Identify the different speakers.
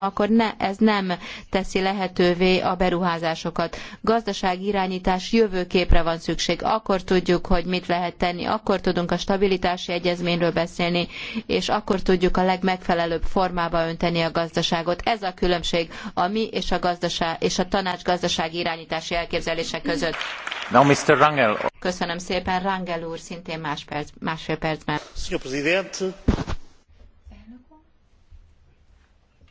Speaker 1: akkor ne, ez nem teszi lehetővé a beruházásokat. Gazdasági irányítás jövőképre van szükség. Akkor tudjuk, hogy mit lehet tenni, akkor tudunk a stabilitási egyezményről beszélni, és akkor tudjuk a legmegfelelőbb formába önteni a gazdaságot. Ez a különbség a mi és a, gazdaság, és a tanács gazdasági irányítási elképzelése között.
Speaker 2: Now, Mr. Rangel.
Speaker 1: Köszönöm szépen, Rangel úr, szintén más perc, másfél percben.
Speaker 3: Senyor